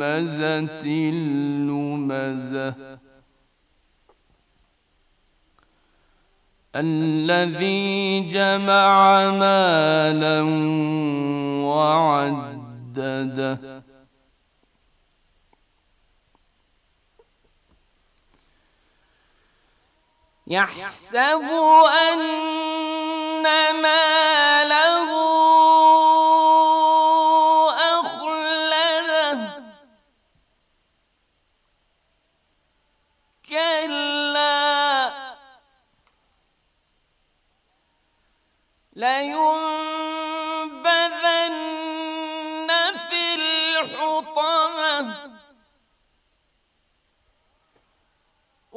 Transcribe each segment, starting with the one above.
لمزة لمزة الذي جمع مالا وعدده يحسب أن مالا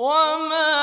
وما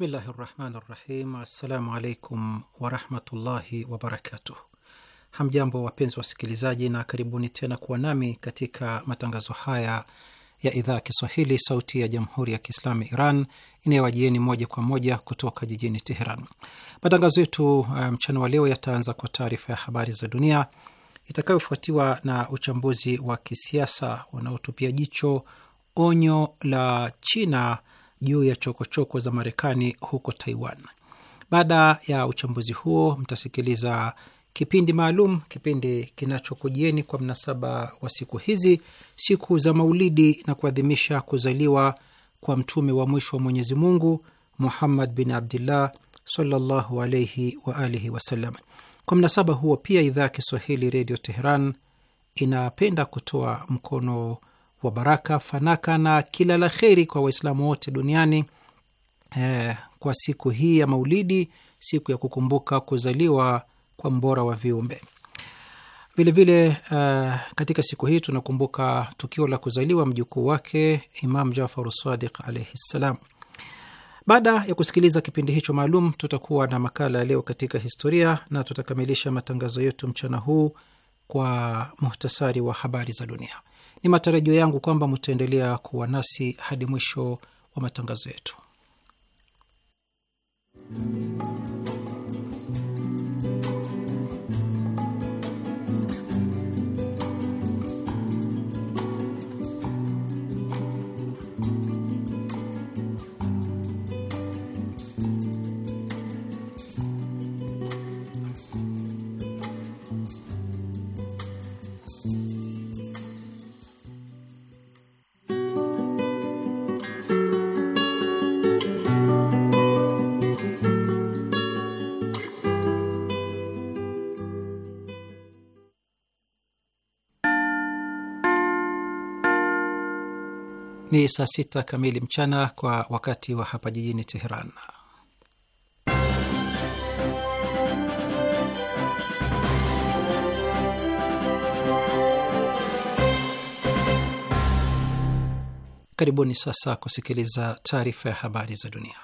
Bismillahi rahmani rahim. Assalamu alaikum warahmatullahi wabarakatuh. Hamjambo wapenzi wasikilizaji, na karibuni tena kuwa nami katika matangazo haya ya idhaa ya Kiswahili sauti ya jamhuri ya Kiislamu Iran inayowajieni moja kwa moja kutoka jijini Teheran. Matangazo yetu uh, mchana um, wa leo yataanza kwa taarifa ya habari za dunia itakayofuatiwa na uchambuzi wa kisiasa unaotupia jicho onyo la China juu ya chokochoko choko za Marekani huko Taiwan. Baada ya uchambuzi huo, mtasikiliza kipindi maalum, kipindi kinachokujieni kwa mnasaba wa siku hizi, siku za Maulidi na kuadhimisha kuzaliwa kwa mtume wa mwisho wa Mwenyezi Mungu Muhammad bin Abdillah sallallahu alaihi wa alihi wasallam. Kwa mnasaba huo pia, idhaa ya Kiswahili Redio Teheran inapenda kutoa mkono wa baraka, fanaka na kila la kheri kwa Waislamu wote duniani eh, kwa siku hii ya Maulidi, siku ya kukumbuka kuzaliwa kwa mbora wa viumbe. Vilevile uh, eh, katika siku hii tunakumbuka tukio la kuzaliwa mjukuu wake Imam jafar Sadiq alaihi ssalam. Baada ya kusikiliza kipindi hicho maalum, tutakuwa na makala ya leo katika historia na tutakamilisha matangazo yetu mchana huu kwa muhtasari wa habari za dunia. Ni matarajio yangu kwamba mtaendelea kuwa nasi hadi mwisho wa matangazo yetu. Ni saa sita kamili mchana kwa wakati wa hapa jijini Teheran. Karibuni sasa kusikiliza taarifa ya habari za dunia.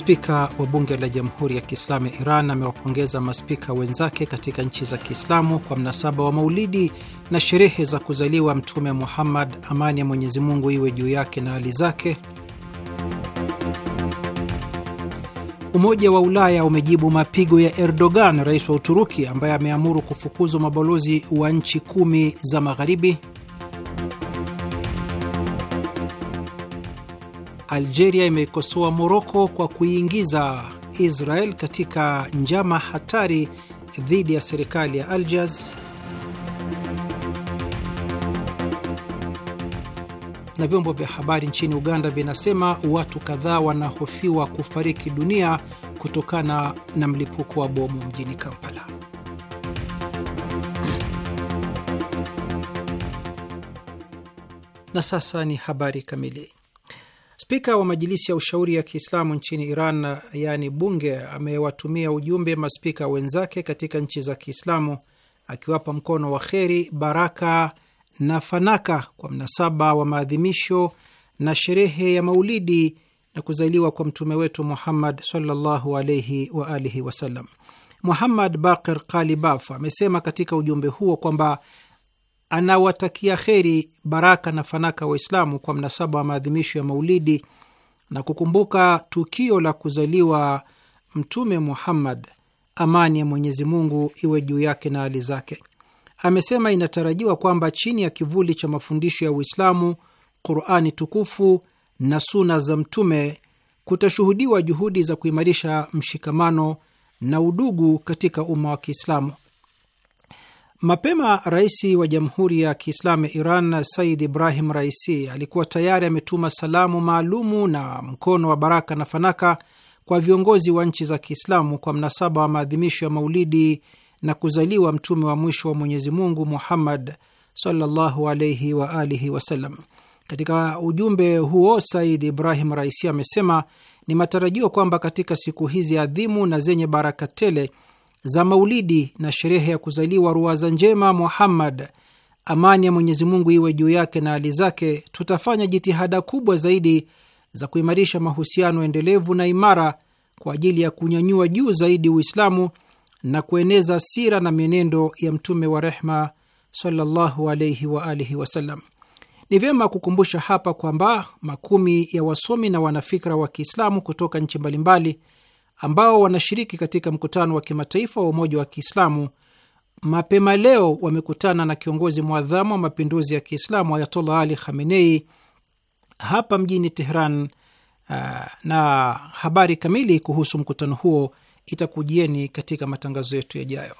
Spika wa bunge la Jamhuri ya Kiislamu ya Iran amewapongeza maspika wenzake katika nchi za Kiislamu kwa mnasaba wa maulidi na sherehe za kuzaliwa Mtume Muhammad, amani ya Mwenyezi Mungu iwe juu yake na hali zake. Umoja wa Ulaya umejibu mapigo ya Erdogan, rais wa Uturuki, ambaye ameamuru kufukuzwa mabalozi wa nchi kumi za Magharibi. Algeria imekosoa Moroko kwa kuiingiza Israel katika njama hatari dhidi ya serikali ya Algiers, na vyombo vya habari nchini Uganda vinasema watu kadhaa wanahofiwa kufariki dunia kutokana na mlipuko wa bomu mjini Kampala. Na sasa ni habari kamili. Spika wa Majilisi ya Ushauri ya Kiislamu nchini Iran, yaani bunge, amewatumia ujumbe maspika wenzake katika nchi za Kiislamu akiwapa mkono wa kheri, baraka na fanaka kwa mnasaba wa maadhimisho na sherehe ya maulidi na kuzaliwa kwa mtume wetu Muhammad sallallahu alaihi wa alihi wasallam. Muhammad Baqir Qalibaf amesema katika ujumbe huo kwamba anawatakia kheri, baraka na fanaka Waislamu kwa mnasaba wa maadhimisho ya Maulidi na kukumbuka tukio la kuzaliwa Mtume Muhammad, amani ya Mwenyezi Mungu iwe juu yake na hali zake. Amesema inatarajiwa kwamba chini ya kivuli cha mafundisho ya Uislamu, Qurani tukufu na suna za Mtume kutashuhudiwa juhudi za kuimarisha mshikamano na udugu katika umma wa Kiislamu Mapema rais wa Jamhuri ya Kiislamu ya Iran Said Ibrahim Raisi alikuwa tayari ametuma salamu maalumu na mkono wa baraka na fanaka kwa viongozi wa nchi za Kiislamu kwa mnasaba wa maadhimisho ya Maulidi na kuzaliwa mtume wa mwisho wa Mwenyezi Mungu Muhammad sallallahu alaihi wa alihi wasallam. Katika ujumbe huo, Said Ibrahim Raisi amesema ni matarajio kwamba katika siku hizi adhimu na zenye baraka tele za maulidi na sherehe ya kuzaliwa ruwaza njema Muhammad, amani ya Mwenyezi Mungu iwe juu yake na hali zake, tutafanya jitihada kubwa zaidi za kuimarisha mahusiano endelevu na imara kwa ajili ya kunyanyua juu zaidi Uislamu na kueneza sira na mienendo ya mtume wa rehma sallallahu wa alihi wasallam. Ni vyema kukumbusha hapa kwamba makumi ya wasomi na wanafikra wa Kiislamu kutoka nchi mbalimbali ambao wanashiriki katika mkutano wa kimataifa wa umoja wa Kiislamu mapema leo wamekutana na kiongozi mwadhamu wa mapinduzi ya Kiislamu Ayatollah Ali Khamenei hapa mjini Tehran, ah, na habari kamili kuhusu mkutano huo itakujieni katika matangazo yetu yajayo.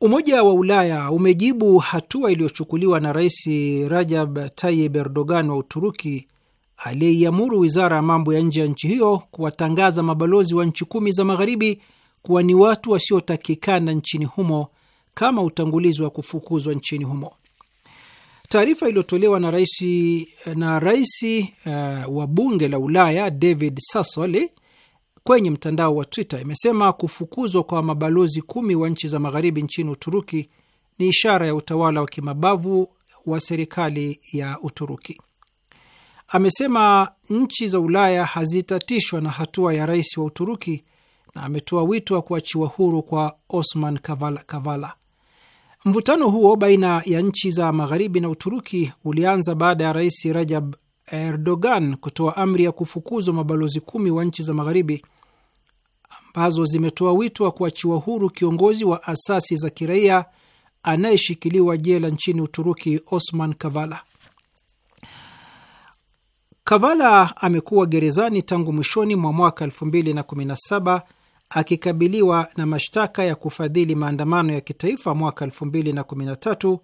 Umoja wa Ulaya umejibu hatua iliyochukuliwa na Rais Rajab Tayyip Erdogan wa Uturuki aliyeiamuru wizara ya mambo ya nje ya nchi hiyo kuwatangaza mabalozi wa nchi kumi za magharibi kuwa ni watu wasiotakikana nchini humo kama utangulizi wa kufukuzwa nchini humo. Taarifa iliyotolewa na rais na rais uh, wa bunge la Ulaya David Sassoli kwenye mtandao wa Twitter imesema kufukuzwa kwa mabalozi kumi wa nchi za magharibi nchini Uturuki ni ishara ya utawala wa kimabavu wa serikali ya Uturuki amesema nchi za Ulaya hazitatishwa na hatua ya rais wa Uturuki na ametoa wito wa kuachiwa huru kwa Osman Kavala Kavala. Mvutano huo baina ya nchi za magharibi na Uturuki ulianza baada ya rais Rajab Erdogan kutoa amri ya kufukuzwa mabalozi kumi wa nchi za magharibi ambazo zimetoa wito wa kuachiwa huru kiongozi wa asasi za kiraia anayeshikiliwa jela nchini Uturuki, Osman Kavala. Kavala amekuwa gerezani tangu mwishoni mwa mwaka 2017 akikabiliwa na mashtaka ya kufadhili maandamano ya kitaifa mwaka 2013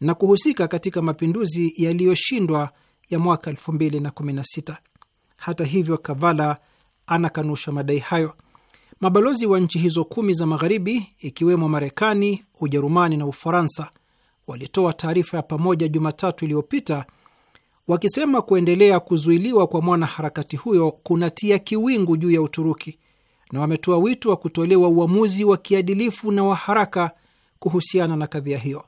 na kuhusika katika mapinduzi yaliyoshindwa ya mwaka 2016. Hata hivyo, Kavala anakanusha madai hayo. Mabalozi wa nchi hizo kumi za Magharibi, ikiwemo Marekani, Ujerumani na Ufaransa, walitoa taarifa ya pamoja Jumatatu iliyopita wakisema kuendelea kuzuiliwa kwa mwanaharakati huyo kunatia kiwingu juu ya Uturuki na wametoa wito wa kutolewa uamuzi wa kiadilifu na wa haraka kuhusiana na kadhia hiyo.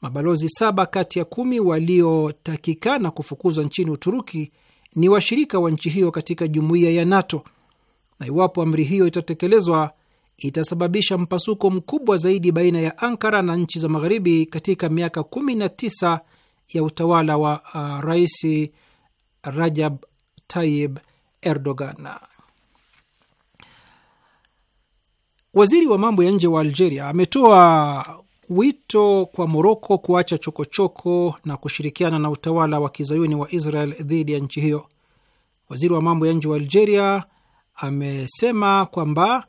Mabalozi saba kati ya kumi waliotakikana kufukuzwa nchini Uturuki ni washirika wa nchi hiyo katika jumuiya ya NATO, na iwapo amri hiyo itatekelezwa itasababisha mpasuko mkubwa zaidi baina ya Ankara na nchi za Magharibi katika miaka 19 ya utawala wa uh, Rais Rajab Tayyip Erdogan. Waziri wa mambo ya nje wa Algeria ametoa wito kwa Moroko kuacha chokochoko na kushirikiana na utawala wa kizayuni wa Israel dhidi ya nchi hiyo. Waziri wa mambo ya nje wa Algeria amesema kwamba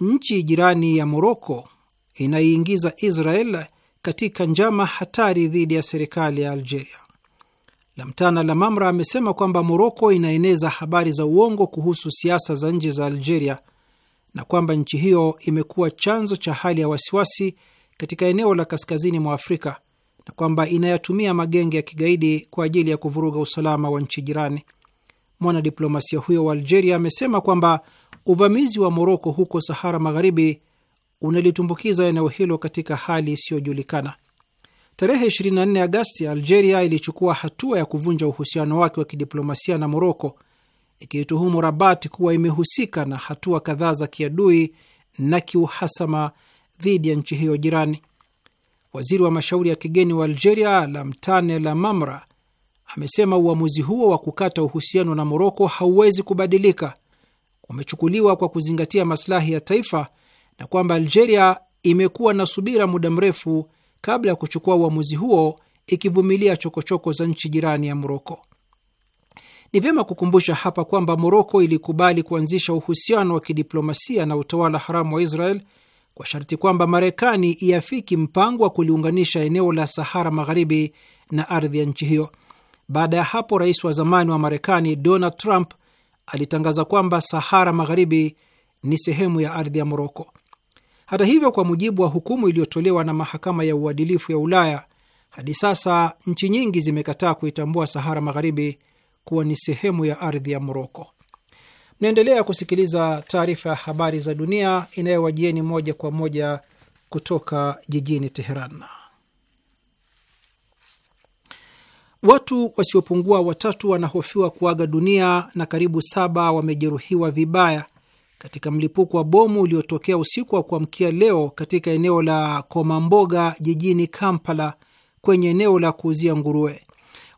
nchi jirani ya Moroko inaiingiza Israel katika njama hatari dhidi ya serikali ya Algeria. Lamtana Lamamra amesema kwamba Moroko inaeneza habari za uongo kuhusu siasa za nje za Algeria na kwamba nchi hiyo imekuwa chanzo cha hali ya wasiwasi katika eneo la kaskazini mwa Afrika na kwamba inayatumia magenge ya kigaidi kwa ajili ya kuvuruga usalama wa nchi jirani. Mwanadiplomasia huyo wa Algeria amesema kwamba uvamizi wa Moroko huko Sahara Magharibi unalitumbukiza eneo hilo katika hali isiyojulikana. Tarehe 24 Agasti, Algeria ilichukua hatua ya kuvunja uhusiano wake wa kidiplomasia na Moroko, ikiituhumu Rabat kuwa imehusika na hatua kadhaa za kiadui na kiuhasama dhidi ya nchi hiyo jirani. Waziri wa mashauri ya kigeni wa Algeria, Lamtane Lamamra, amesema uamuzi huo wa kukata uhusiano na Moroko hauwezi kubadilika, umechukuliwa kwa kuzingatia masilahi ya taifa na kwamba Algeria imekuwa na subira muda mrefu kabla ya kuchukua uamuzi huo ikivumilia chokochoko za nchi jirani ya Moroko. Ni vyema kukumbusha hapa kwamba Moroko ilikubali kuanzisha uhusiano wa kidiplomasia na utawala haramu wa Israel kwa sharti kwamba Marekani iafiki mpango wa kuliunganisha eneo la Sahara Magharibi na ardhi ya nchi hiyo. Baada ya hapo, rais wa zamani wa Marekani Donald Trump alitangaza kwamba Sahara Magharibi ni sehemu ya ardhi ya Moroko. Hata hivyo, kwa mujibu wa hukumu iliyotolewa na mahakama ya uadilifu ya Ulaya, hadi sasa nchi nyingi zimekataa kuitambua Sahara Magharibi kuwa ni sehemu ya ardhi ya Moroko. Mnaendelea kusikiliza taarifa ya habari za dunia inayowajieni moja kwa moja kutoka jijini Teheran. Watu wasiopungua watatu wanahofiwa kuaga dunia na karibu saba wamejeruhiwa vibaya katika mlipuko wa bomu uliotokea usiku wa kuamkia leo katika eneo la Komamboga jijini Kampala, kwenye eneo la kuuzia nguruwe.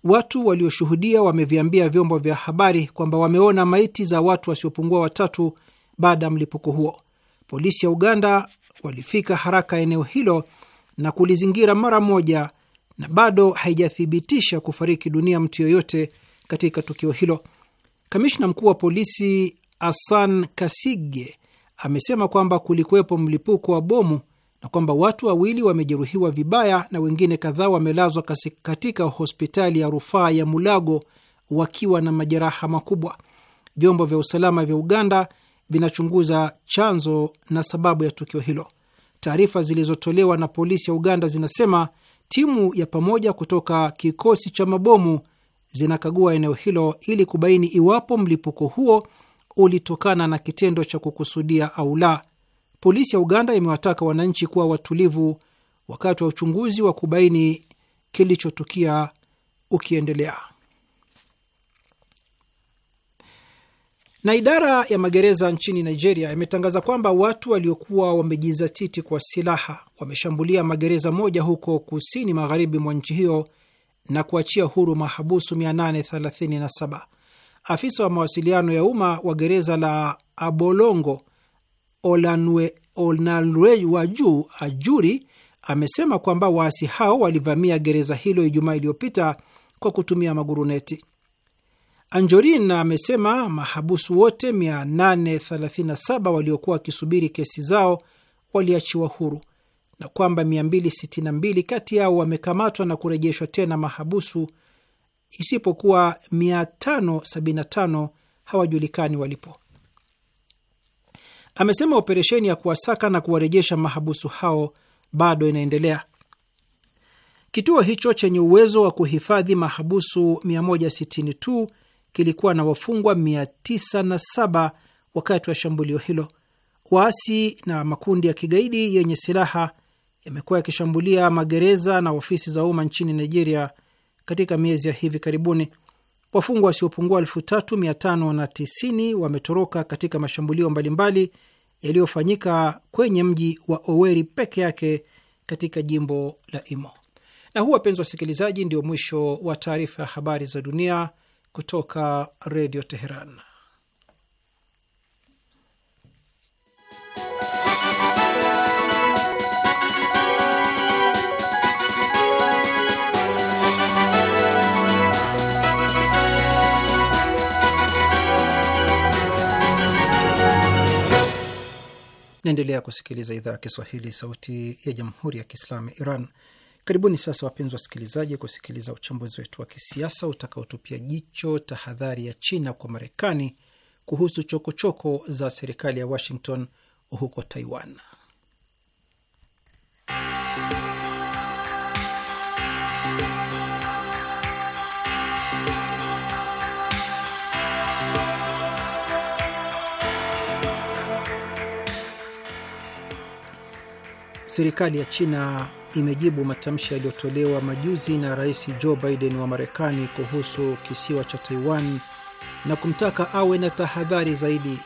Watu walioshuhudia wameviambia vyombo vya habari kwamba wameona maiti za watu wasiopungua watatu baada ya mlipuko huo. Polisi ya Uganda walifika haraka eneo hilo na kulizingira mara moja, na bado haijathibitisha kufariki dunia mtu yoyote katika tukio hilo. Kamishna mkuu wa polisi Asan Kasige amesema kwamba kulikuwepo mlipuko wa bomu na kwamba watu wawili wamejeruhiwa vibaya na wengine kadhaa wamelazwa katika hospitali ya rufaa ya Mulago wakiwa na majeraha makubwa. Vyombo vya usalama vya Uganda vinachunguza chanzo na sababu ya tukio hilo. Taarifa zilizotolewa na polisi ya Uganda zinasema timu ya pamoja kutoka kikosi cha mabomu zinakagua eneo hilo ili kubaini iwapo mlipuko huo ulitokana na kitendo cha kukusudia au la. Polisi ya Uganda imewataka wananchi kuwa watulivu wakati wa uchunguzi wa kubaini kilichotukia ukiendelea. Na idara ya magereza nchini Nigeria imetangaza kwamba watu waliokuwa wamejizatiti kwa silaha wameshambulia magereza moja huko kusini magharibi mwa nchi hiyo na kuachia huru mahabusu 837 Afisa wa mawasiliano ya umma wa gereza la Abolongo juu Ajuri amesema kwamba waasi hao walivamia gereza hilo Ijumaa iliyopita kwa kutumia maguruneti. Anjorin amesema mahabusu wote 837 waliokuwa wakisubiri kesi zao waliachiwa huru na kwamba 262 kati yao wamekamatwa na kurejeshwa tena mahabusu isipokuwa 575 hawajulikani walipo. Amesema operesheni ya kuwasaka na kuwarejesha mahabusu hao bado inaendelea. Kituo hicho chenye uwezo wa kuhifadhi mahabusu 162 kilikuwa na wafungwa 907 wakati wa shambulio hilo. Waasi na makundi ya kigaidi yenye silaha yamekuwa yakishambulia magereza na ofisi za umma nchini Nigeria katika miezi ya hivi karibuni. Wafungwa wasiopungua elfu tatu mia tano na tisini wametoroka katika mashambulio mbalimbali yaliyofanyika kwenye mji wa Oweri peke yake katika jimbo la Imo. Na huu, wapenzi wasikilizaji, ndio mwisho wa taarifa ya habari za dunia kutoka Redio Teheran. Naendelea kusikiliza idhaa ya Kiswahili, sauti ya jamhuri ya kiislamu ya Iran. Karibuni sasa, wapenzi wasikilizaji, kusikiliza uchambuzi wetu wa kisiasa utakaotupia jicho tahadhari ya China kwa Marekani kuhusu chokochoko choko za serikali ya Washington huko Taiwan. Serikali ya China imejibu matamshi yaliyotolewa majuzi na Rais Joe Biden wa Marekani kuhusu kisiwa cha Taiwan na kumtaka awe na tahadhari zaidi.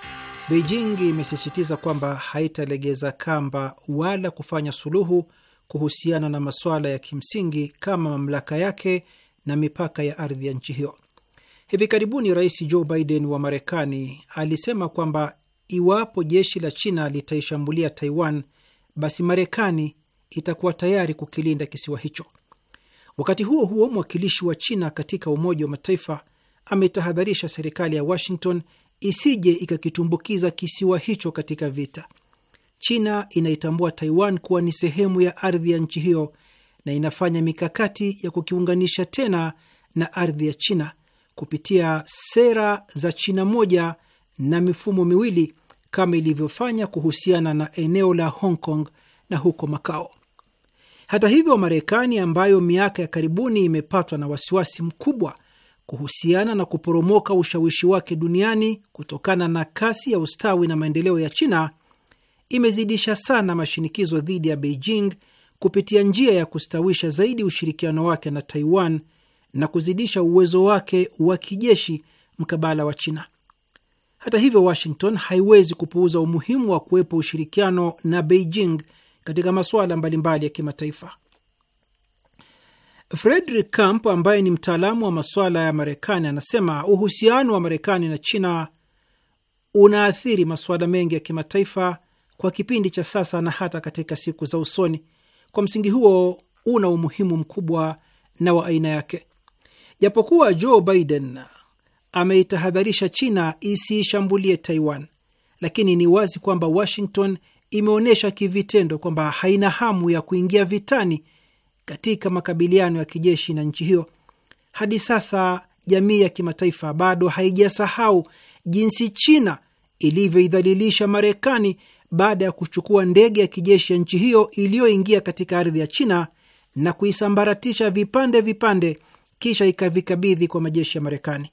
Beijing imesisitiza kwamba haitalegeza kamba wala kufanya suluhu kuhusiana na masuala ya kimsingi kama mamlaka yake na mipaka ya ardhi ya nchi hiyo. Hivi karibuni Rais Joe Biden wa Marekani alisema kwamba iwapo jeshi la China litaishambulia Taiwan basi Marekani itakuwa tayari kukilinda kisiwa hicho. Wakati huo huo, mwakilishi wa China katika Umoja wa Mataifa ametahadharisha serikali ya Washington isije ikakitumbukiza kisiwa hicho katika vita. China inaitambua Taiwan kuwa ni sehemu ya ardhi ya nchi hiyo na inafanya mikakati ya kukiunganisha tena na ardhi ya China kupitia sera za China moja na mifumo miwili kama ilivyofanya kuhusiana na eneo la Hong Kong na huko Makao. Hata hivyo, Marekani ambayo miaka ya karibuni imepatwa na wasiwasi mkubwa kuhusiana na kuporomoka ushawishi wake duniani kutokana na kasi ya ustawi na maendeleo ya China imezidisha sana mashinikizo dhidi ya Beijing kupitia njia ya kustawisha zaidi ushirikiano wake na Taiwan na kuzidisha uwezo wake wa kijeshi mkabala wa China. Hata hivyo, Washington haiwezi kupuuza umuhimu wa kuwepo ushirikiano na Beijing katika masuala mbalimbali ya kimataifa. Frederick Camp ambaye ni mtaalamu wa masuala ya Marekani anasema uhusiano wa Marekani na China unaathiri masuala mengi ya kimataifa kwa kipindi cha sasa na hata katika siku za usoni. Kwa msingi huo, una umuhimu mkubwa na wa aina yake. Japokuwa Joe Biden ameitahadharisha China isiishambulie Taiwan, lakini ni wazi kwamba Washington imeonyesha kivitendo kwamba haina hamu ya kuingia vitani katika makabiliano ya kijeshi na nchi hiyo. Hadi sasa jamii ya kimataifa bado haijasahau jinsi China ilivyoidhalilisha Marekani baada ya kuchukua ndege ya kijeshi ya nchi hiyo iliyoingia katika ardhi ya China na kuisambaratisha vipande vipande, kisha ikavikabidhi kwa majeshi ya Marekani.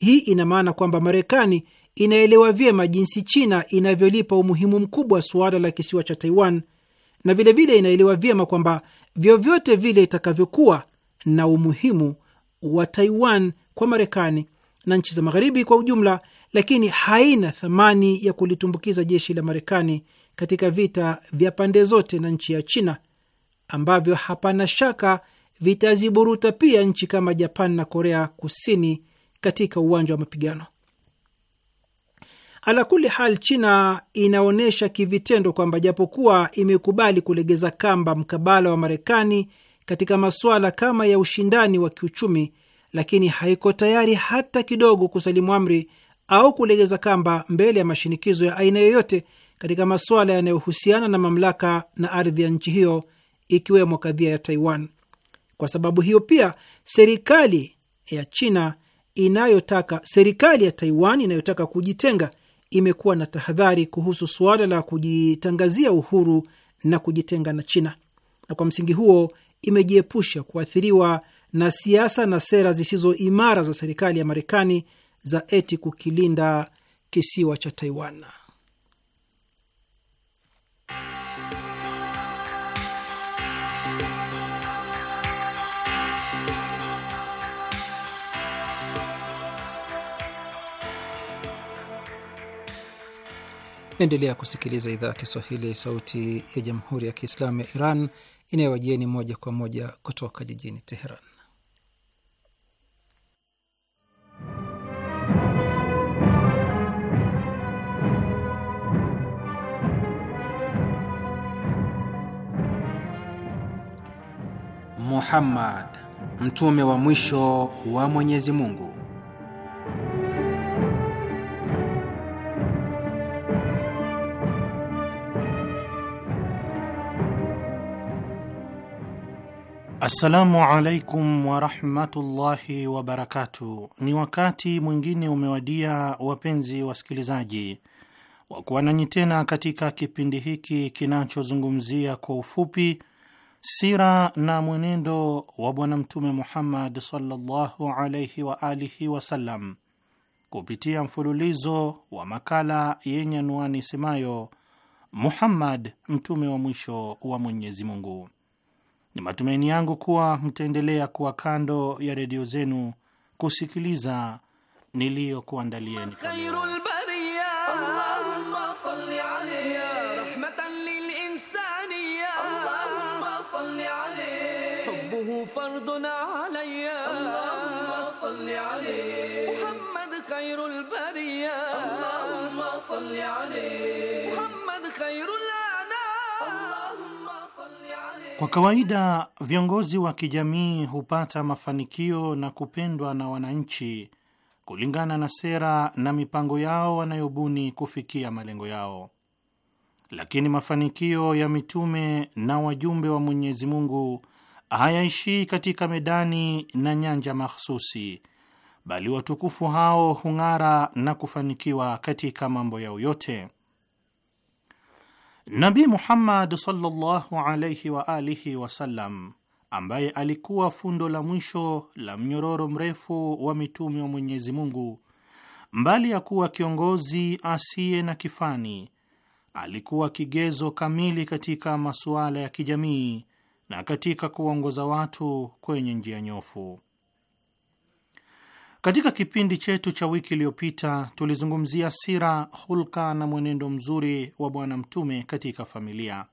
Hii ina maana kwamba Marekani inaelewa vyema jinsi China inavyolipa umuhimu mkubwa suala la kisiwa cha Taiwan na vilevile vile inaelewa vyema kwamba vyovyote vile itakavyokuwa na umuhimu wa Taiwan kwa Marekani na nchi za Magharibi kwa ujumla, lakini haina thamani ya kulitumbukiza jeshi la Marekani katika vita vya pande zote na nchi ya China ambavyo hapana shaka vitaziburuta pia nchi kama Japan na Korea Kusini katika uwanja wa mapigano. Ala kuli hal, China inaonyesha kivitendo kwamba japokuwa imekubali kulegeza kamba mkabala wa Marekani katika masuala kama ya ushindani wa kiuchumi, lakini haiko tayari hata kidogo kusalimu amri au kulegeza kamba mbele ya mashinikizo ya aina yoyote katika masuala yanayohusiana na mamlaka na ardhi ya nchi hiyo ikiwemo kadhia ya Taiwan. Kwa sababu hiyo pia serikali ya China inayotaka serikali ya Taiwan inayotaka kujitenga imekuwa na tahadhari kuhusu suala la kujitangazia uhuru na kujitenga na China, na kwa msingi huo imejiepusha kuathiriwa na siasa na sera zisizo imara za serikali ya Marekani za eti kukilinda kisiwa cha Taiwan. Naendelea kusikiliza idhaa ya Kiswahili, sauti ya jamhuri ya kiislamu ya Iran inayowajieni moja kwa moja kutoka jijini Teheran. Muhammad, mtume wa mwisho wa Mwenyezi Mungu Assalamu alaikum warahmatullahi wabarakatu. Ni wakati mwingine umewadia, wapenzi wasikilizaji, wa kuwa nanyi tena katika kipindi hiki kinachozungumzia kwa ufupi sira na mwenendo wa Bwana Mtume Muhammad sallallahu alaihi wa alihi wasallam kupitia mfululizo wa makala yenye anwani semayo Muhammad, mtume wa mwisho wa Mwenyezi Mungu. Ni matumaini yangu kuwa mtaendelea kuwa kando ya redio zenu kusikiliza niliyokuandalieni. Kwa kawaida viongozi wa kijamii hupata mafanikio na kupendwa na wananchi kulingana na sera na mipango yao wanayobuni kufikia malengo yao. Lakini mafanikio ya mitume na wajumbe wa Mwenyezi Mungu hayaishii katika medani na nyanja mahsusi, bali watukufu hao hung'ara na kufanikiwa katika mambo yao yote. Nabi Muhammad sallallahu alayhi wa alihi wasallam, ambaye alikuwa fundo la mwisho la mnyororo mrefu wa mitume wa Mwenyezi Mungu, mbali ya kuwa kiongozi asiye na kifani, alikuwa kigezo kamili katika masuala ya kijamii na katika kuongoza watu kwenye njia nyofu. Katika kipindi chetu cha wiki iliyopita tulizungumzia sira, hulka na mwenendo mzuri wa Bwana Mtume katika familia.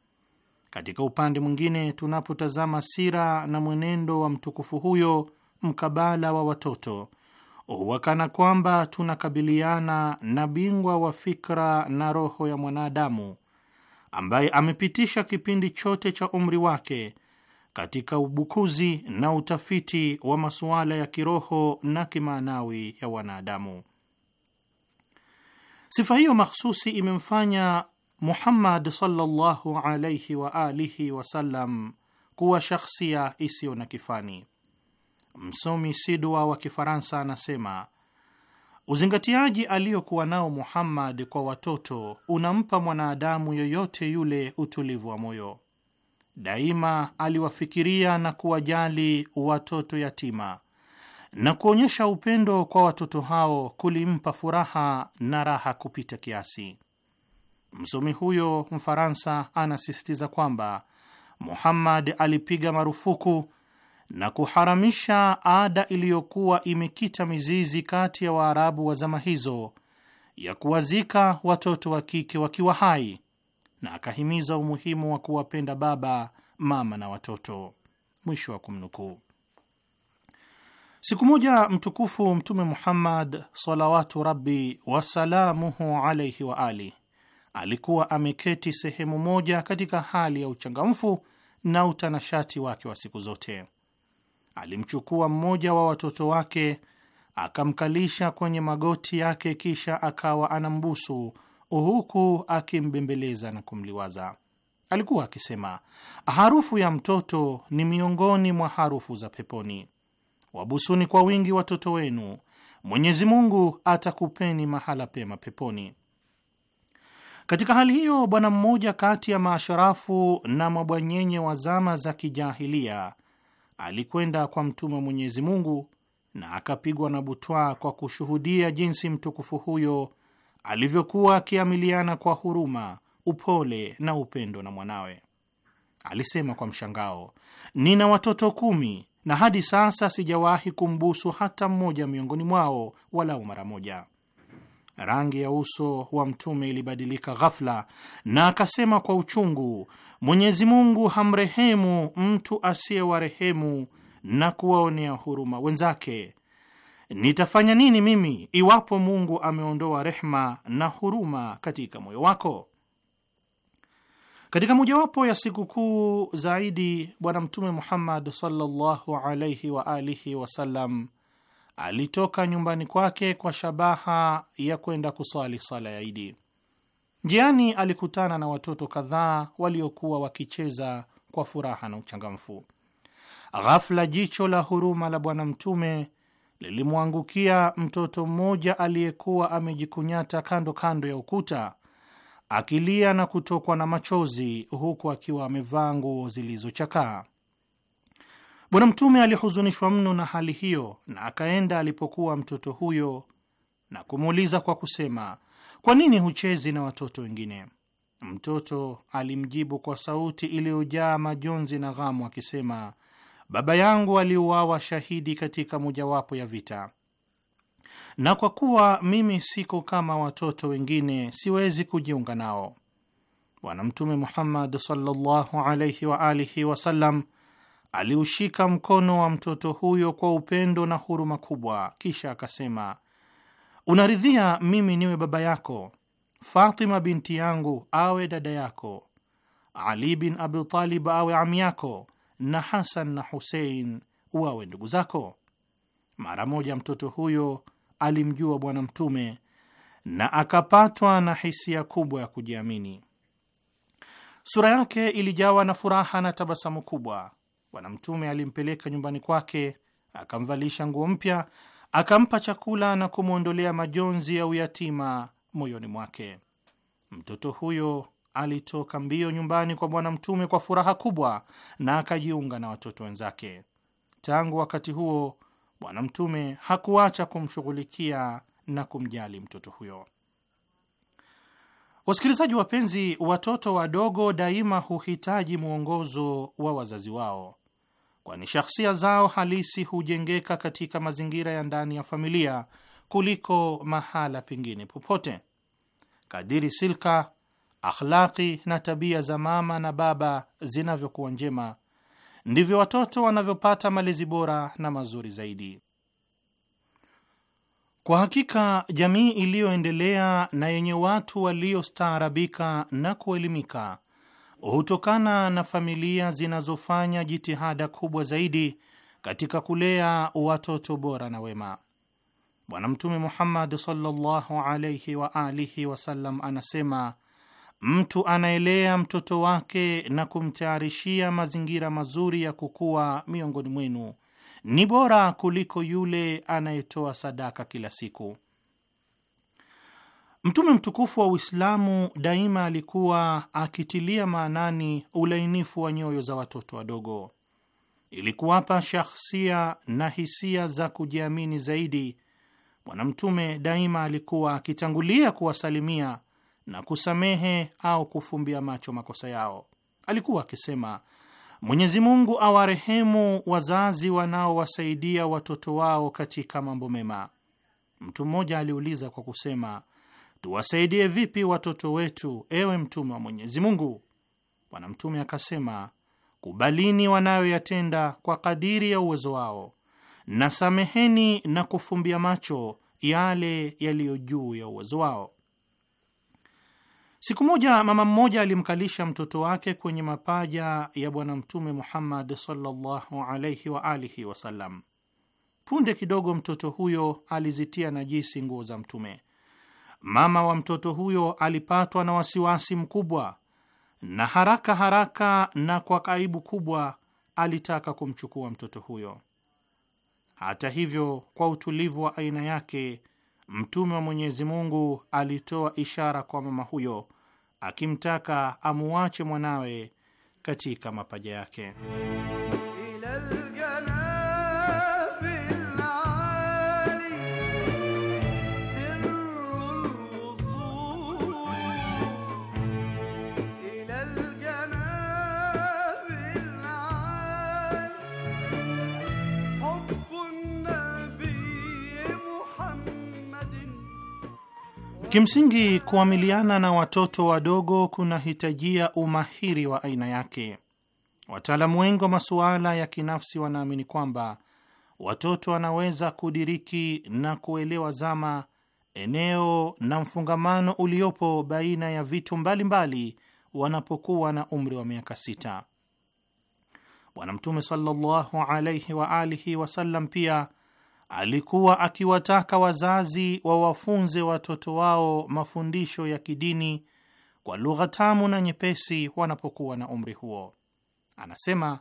Katika upande mwingine, tunapotazama sira na mwenendo wa mtukufu huyo mkabala wa watoto, huwakana kwamba tunakabiliana na bingwa wa fikra na roho ya mwanadamu ambaye amepitisha kipindi chote cha umri wake katika ubukuzi na utafiti wa masuala ya kiroho na kimaanawi ya wanadamu. Sifa hiyo mahsusi imemfanya Muhammad sallallahu alayhi wa alihi wasallam kuwa shakhsia isiyo na kifani. Msomi Sidwa wa Kifaransa anasema uzingatiaji aliyokuwa nao Muhammad kwa watoto unampa mwanadamu yoyote yule utulivu wa moyo. Daima aliwafikiria na kuwajali watoto yatima, na kuonyesha upendo kwa watoto hao kulimpa furaha na raha kupita kiasi. Msomi huyo Mfaransa anasisitiza kwamba Muhammad alipiga marufuku na kuharamisha ada iliyokuwa imekita mizizi kati ya Waarabu wa zama hizo ya kuwazika watoto wa kike wakiwa hai na akahimiza umuhimu wa kuwapenda baba, mama na watoto. Mwisho wa kumnukuu. Siku moja mtukufu Mtume Muhammad salawatu rabi wasalamuhu alaihi wa ali alikuwa ameketi sehemu moja katika hali ya uchangamfu na utanashati wake wa siku zote. Alimchukua mmoja wa watoto wake akamkalisha kwenye magoti yake, kisha akawa anambusu huku akimbembeleza na kumliwaza. Alikuwa akisema harufu ya mtoto ni miongoni mwa harufu za peponi. Wabusuni kwa wingi watoto wenu, Mwenyezi Mungu atakupeni mahala pema peponi. Katika hali hiyo, bwana mmoja kati ya maasharafu na mabwanyenye wa zama za kijahilia alikwenda kwa Mtume wa Mwenyezi Mungu na akapigwa na butwaa kwa kushuhudia jinsi mtukufu huyo alivyokuwa akiamiliana kwa huruma, upole na upendo na mwanawe. Alisema kwa mshangao, nina watoto kumi na hadi sasa sijawahi kumbusu hata mmoja miongoni mwao walau mara moja. Rangi ya uso wa Mtume ilibadilika ghafla, na akasema kwa uchungu, Mwenyezi Mungu hamrehemu mtu asiyewarehemu na kuwaonea huruma wenzake nitafanya nini mimi iwapo Mungu ameondoa rehma na huruma katika moyo wako? Katika mojawapo ya sikukuu zaidi Bwana Mtume Muhammad sallallahu alaihi wa alihi wasallam alitoka nyumbani kwake kwa shabaha ya kwenda kuswali sala ya Idi. Njiani alikutana na watoto kadhaa waliokuwa wakicheza kwa furaha na uchangamfu. Ghafla jicho la huruma la Bwana Mtume lilimwangukia mtoto mmoja aliyekuwa amejikunyata kando kando ya ukuta akilia na kutokwa na machozi huku akiwa amevaa nguo zilizochakaa. Bwana Mtume alihuzunishwa mno na hali hiyo, na akaenda alipokuwa mtoto huyo na kumuuliza kwa kusema, kwa nini huchezi na watoto wengine? Mtoto alimjibu kwa sauti iliyojaa majonzi na ghamu akisema, Baba yangu aliuawa shahidi katika mojawapo ya vita, na kwa kuwa mimi siko kama watoto wengine, siwezi kujiunga nao. Bwana Mtume Muhammad sallallahu alaihi wa alihi wasallam aliushika mkono wa mtoto huyo kwa upendo na huruma kubwa, kisha akasema, unaridhia mimi niwe baba yako, Fatima binti yangu awe dada yako, Ali bin Abi Talib awe ami yako na Hasan na Husein wawe ndugu zako? Mara moja mtoto huyo alimjua Bwana Mtume na akapatwa na hisia kubwa ya kujiamini. Sura yake ilijawa na furaha na tabasamu kubwa. Bwana Mtume alimpeleka nyumbani kwake, akamvalisha nguo mpya, akampa chakula na kumwondolea majonzi ya uyatima moyoni mwake. Mtoto huyo alitoka mbio nyumbani kwa Bwana Mtume kwa furaha kubwa na akajiunga na watoto wenzake. Tangu wakati huo Bwana Mtume hakuacha kumshughulikia na kumjali mtoto huyo. Wasikilizaji wapenzi, watoto wadogo daima huhitaji mwongozo wa wazazi wao, kwani shahsia zao halisi hujengeka katika mazingira ya ndani ya familia kuliko mahala pengine popote. Kadiri Silka akhlaqi na tabia za mama na baba zinavyokuwa njema, ndivyo watoto wanavyopata malezi bora na mazuri zaidi. Kwa hakika jamii iliyoendelea na yenye watu waliostaarabika na kuelimika hutokana na familia zinazofanya jitihada kubwa zaidi katika kulea watoto bora na wema. Bwana Mtume Muhammad sallallahu alayhi wa alihi wasallam anasema mtu anaelea mtoto wake na kumtayarishia mazingira mazuri ya kukua miongoni mwenu ni bora kuliko yule anayetoa sadaka kila siku. Mtume mtukufu wa Uislamu daima alikuwa akitilia maanani ulainifu wa nyoyo za watoto wadogo ili kuwapa shahsia na hisia za kujiamini zaidi. Bwana Mtume daima alikuwa akitangulia kuwasalimia na kusamehe au kufumbia macho makosa yao. Alikuwa akisema, Mwenyezi Mungu awarehemu wazazi wanaowasaidia watoto wao katika mambo mema. Mtu mmoja aliuliza kwa kusema, tuwasaidie vipi watoto wetu, ewe Mtume wa Mwenyezi Mungu? Bwana Mtume akasema, kubalini wanayoyatenda kwa kadiri ya uwezo wao na sameheni na kufumbia macho yale yaliyo juu ya uwezo wao. Siku moja mama mmoja alimkalisha mtoto wake kwenye mapaja ya Bwana Mtume Muhammad sallallahu alaihi wa alihi wasallam. Punde kidogo, mtoto huyo alizitia najisi nguo za Mtume. Mama wa mtoto huyo alipatwa na wasiwasi mkubwa, na haraka haraka na kwa aibu kubwa alitaka kumchukua mtoto huyo. Hata hivyo, kwa utulivu wa aina yake, Mtume wa Mwenyezi Mungu alitoa ishara kwa mama huyo akimtaka amuache mwanawe katika mapaja yake. Kimsingi, kuamiliana na watoto wadogo kunahitajia umahiri wa aina yake. Wataalamu wengi wa masuala ya kinafsi wanaamini kwamba watoto wanaweza kudiriki na kuelewa zama, eneo na mfungamano uliopo baina ya vitu mbalimbali mbali wanapokuwa na umri wa miaka sita. Bwana Mtume sallallahu alaihi wa alihi wasallam pia alikuwa akiwataka wazazi wawafunze watoto wao mafundisho ya kidini kwa lugha tamu na nyepesi wanapokuwa na umri huo. Anasema,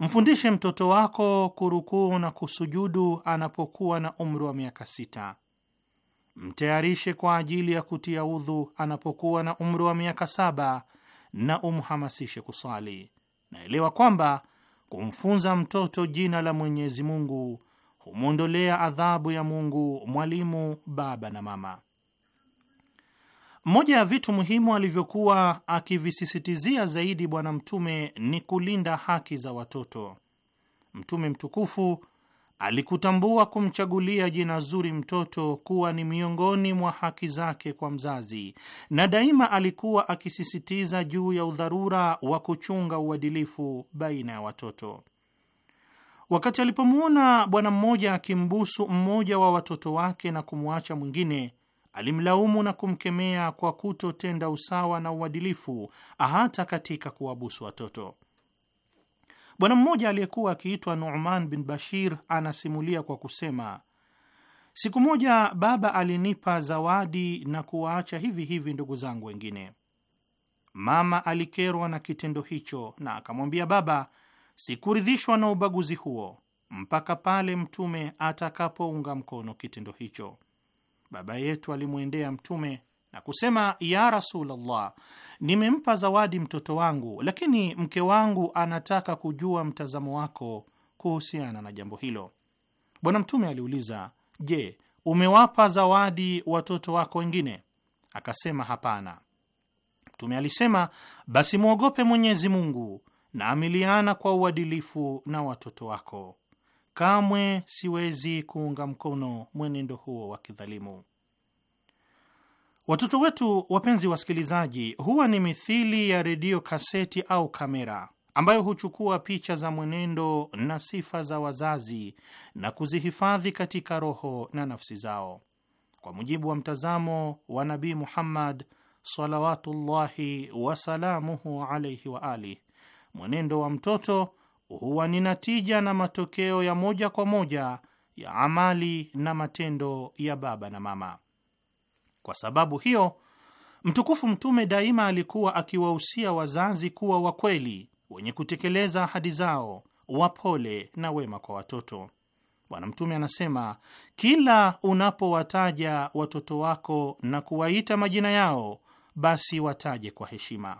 mfundishe mtoto wako kurukuu na kusujudu anapokuwa na umri wa miaka sita. Mtayarishe kwa ajili ya kutia udhu anapokuwa na umri wa miaka saba na umhamasishe kuswali. Naelewa kwamba kumfunza mtoto jina la Mwenyezi Mungu humwondolea adhabu ya Mungu mwalimu, baba na mama. Moja ya vitu muhimu alivyokuwa akivisisitizia zaidi Bwana Mtume ni kulinda haki za watoto. Mtume mtukufu alikutambua kumchagulia jina zuri mtoto kuwa ni miongoni mwa haki zake kwa mzazi, na daima alikuwa akisisitiza juu ya udharura wa kuchunga uadilifu baina ya watoto. Wakati alipomwona bwana mmoja akimbusu mmoja wa watoto wake na kumwacha mwingine, alimlaumu na kumkemea kwa kutotenda usawa na uadilifu hata katika kuwabusu watoto. Bwana mmoja aliyekuwa akiitwa Numan bin Bashir anasimulia kwa kusema, siku moja baba alinipa zawadi na kuwaacha hivi hivi ndugu zangu wengine. Mama alikerwa na kitendo hicho na akamwambia baba sikuridhishwa na ubaguzi huo mpaka pale mtume atakapounga mkono kitendo hicho. Baba yetu alimwendea mtume na kusema, ya Rasulullah, nimempa zawadi mtoto wangu, lakini mke wangu anataka kujua mtazamo wako kuhusiana na jambo hilo. Bwana Mtume aliuliza, je, umewapa zawadi watoto wako wengine? Akasema, hapana. Mtume alisema, basi mwogope Mwenyezi Mungu na amiliana kwa uadilifu na watoto wako. Kamwe siwezi kuunga mkono mwenendo huo wa kidhalimu. Watoto wetu, wapenzi wasikilizaji, huwa ni mithili ya redio kaseti au kamera ambayo huchukua picha za mwenendo na sifa za wazazi na kuzihifadhi katika roho na nafsi zao. Kwa mujibu wa mtazamo wa Nabii Muhammad salawatullahi wasalamuhu alaihi wa alihi mwenendo wa mtoto huwa ni natija na matokeo ya moja kwa moja ya amali na matendo ya baba na mama. Kwa sababu hiyo, mtukufu Mtume daima alikuwa akiwahusia wazazi kuwa wakweli, wenye kutekeleza ahadi zao, wapole na wema kwa watoto. Bwana Mtume anasema, kila unapowataja watoto wako na kuwaita majina yao, basi wataje kwa heshima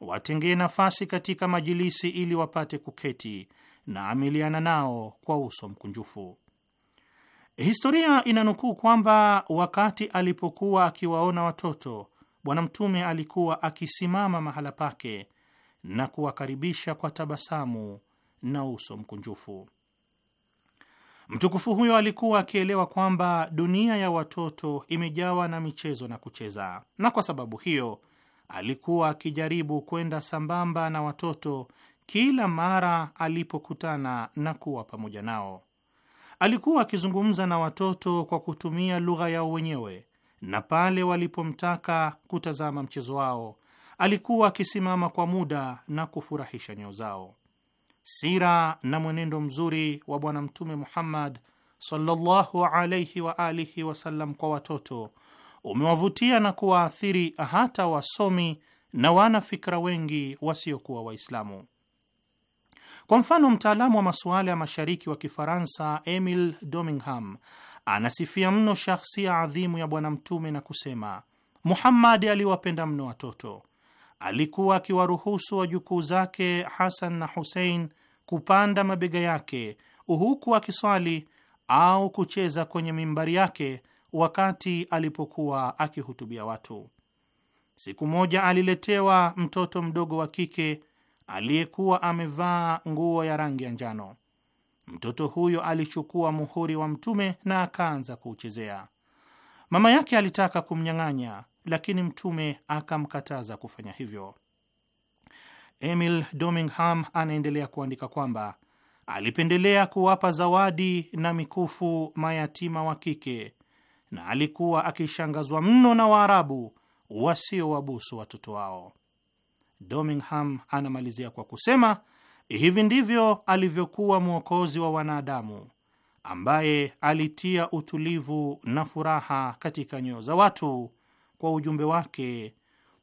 watengee nafasi katika majilisi ili wapate kuketi na amiliana nao kwa uso mkunjufu. Historia inanukuu kwamba wakati alipokuwa akiwaona watoto, Bwana Mtume alikuwa akisimama mahala pake na kuwakaribisha kwa tabasamu na uso mkunjufu. Mtukufu huyo alikuwa akielewa kwamba dunia ya watoto imejawa na michezo na kucheza, na kwa sababu hiyo alikuwa akijaribu kwenda sambamba na watoto kila mara alipokutana na kuwa pamoja nao. Alikuwa akizungumza na watoto kwa kutumia lugha yao wenyewe, na pale walipomtaka kutazama mchezo wao alikuwa akisimama kwa muda na kufurahisha nyoo zao. Sira na mwenendo mzuri wa Bwana Mtume Muhammad sallallahu alaihi wa alihi wasallam kwa watoto umewavutia na kuwaathiri hata wasomi na wanafikra wengi wasiokuwa Waislamu. Kwa mfano, mtaalamu wa masuala ya mashariki wa Kifaransa Emil Domingham anasifia mno shakhsia adhimu ya Bwana Mtume na kusema, Muhammadi aliwapenda mno watoto, alikuwa akiwaruhusu wajukuu zake Hasan na Husein kupanda mabega yake huku akiswali au kucheza kwenye mimbari yake wakati alipokuwa akihutubia watu. Siku moja aliletewa mtoto mdogo wa kike aliyekuwa amevaa nguo ya rangi ya njano. Mtoto huyo alichukua muhuri wa Mtume na akaanza kuuchezea. Mama yake alitaka kumnyang'anya, lakini Mtume akamkataza kufanya hivyo. Emil Domingham anaendelea kuandika kwamba alipendelea kuwapa zawadi na mikufu mayatima wa kike na alikuwa akishangazwa mno na Waarabu wasiowabusu watoto wao. Domingham anamalizia kwa kusema hivi ndivyo alivyokuwa mwokozi wa wanadamu ambaye alitia utulivu na furaha katika nyoyo za watu kwa ujumbe wake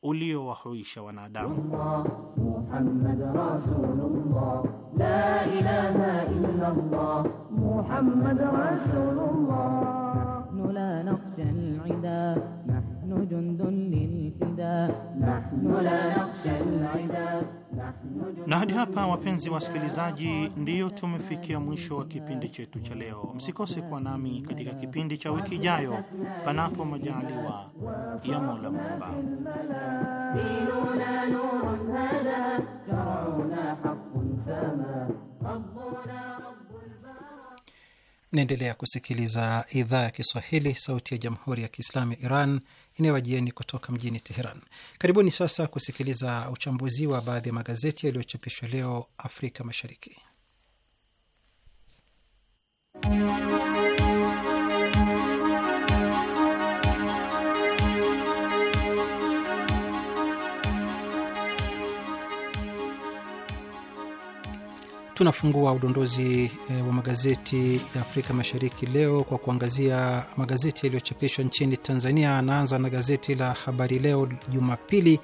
uliowahuisha wanadamu. Allah, Muhammad Rasulullah, la ilaha Muhammad Rasulullah. نخشى العدا نحن جند للفدا نحن لا نخشى العدا na hadi hapa wapenzi wasikilizaji, ndiyo tumefikia mwisho wa kipindi chetu cha leo. Msikose kuwa nami katika kipindi cha wiki ijayo, panapo majaliwa ya Mola Muumba. Naendelea kusikiliza idhaa ya Kiswahili, sauti ya jamhuri ya kiislamu ya Iran inayowajieni kutoka mjini Teheran. Karibuni sasa kusikiliza uchambuzi wa baadhi ya magazeti yaliyochapishwa leo Afrika Mashariki. Tunafungua udondozi eh, wa magazeti ya Afrika Mashariki leo kwa kuangazia magazeti yaliyochapishwa nchini Tanzania. Anaanza na gazeti la Habari Leo Jumapili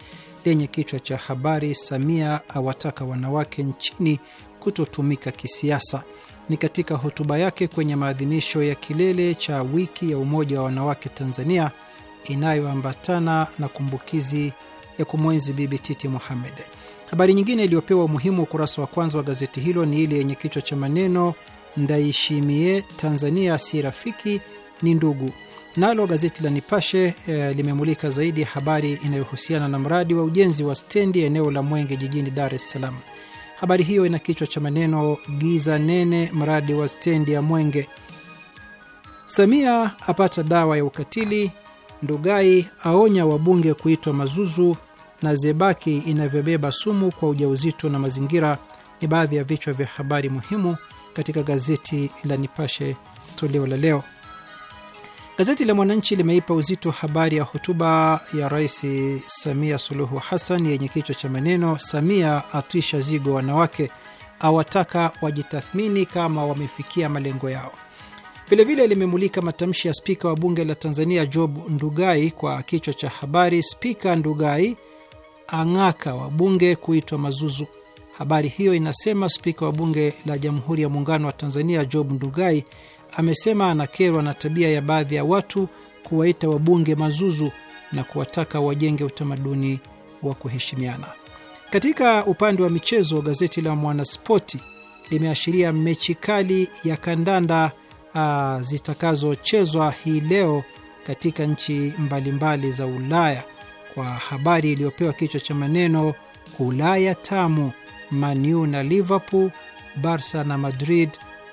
lenye kichwa cha habari, Samia awataka wanawake nchini kutotumika kisiasa. Ni katika hotuba yake kwenye maadhimisho ya kilele cha wiki ya umoja wa wanawake Tanzania inayoambatana na kumbukizi ya kumwenzi Bibi Titi Mohamed. Habari nyingine iliyopewa umuhimu wa ukurasa wa kwanza wa gazeti hilo ni ile yenye kichwa cha maneno ndaishimie Tanzania si rafiki ni ndugu. Nalo gazeti la Nipashe e, limemulika zaidi habari inayohusiana na mradi wa ujenzi wa stendi eneo la Mwenge jijini Dar es Salaam. Habari hiyo ina kichwa cha maneno giza nene, mradi wa stendi ya Mwenge. Samia apata dawa ya ukatili. Ndugai aonya wabunge kuitwa mazuzu na zebaki inavyobeba sumu kwa ujauzito na mazingira ni baadhi ya vichwa vya habari muhimu katika gazeti la Nipashe toleo la leo. Gazeti la Mwananchi limeipa uzito habari ya hotuba ya Rais Samia Suluhu Hassan yenye kichwa cha maneno Samia atwisha zigo wanawake, awataka wajitathmini kama wamefikia malengo yao. Vilevile limemulika matamshi ya spika wa bunge la Tanzania Job Ndugai kwa kichwa cha habari, Spika Ndugai ang'aka wa bunge kuitwa mazuzu. Habari hiyo inasema spika wa bunge la Jamhuri ya Muungano wa Tanzania Job Ndugai amesema anakerwa na tabia ya baadhi ya watu kuwaita wabunge mazuzu na kuwataka wajenge utamaduni wa kuheshimiana. Katika upande wa michezo, gazeti la Mwanaspoti limeashiria mechi kali ya kandanda uh, zitakazochezwa hii leo katika nchi mbalimbali za Ulaya kwa habari iliyopewa kichwa cha maneno Ulaya tamu, Manu na Liverpool, Barca na Madrid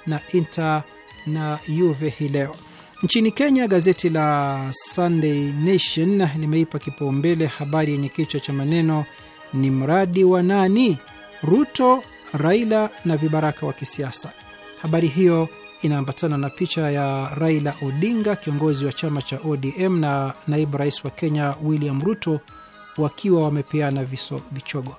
na Inter na Juve hii leo. Nchini Kenya, gazeti la Sunday Nation limeipa kipaumbele habari yenye kichwa cha maneno ni mradi wa nani, Ruto, Raila na vibaraka wa kisiasa. Habari hiyo inaambatana na picha ya Raila Odinga, kiongozi wa chama cha ODM na naibu rais wa Kenya William Ruto wakiwa wamepeana vichogo.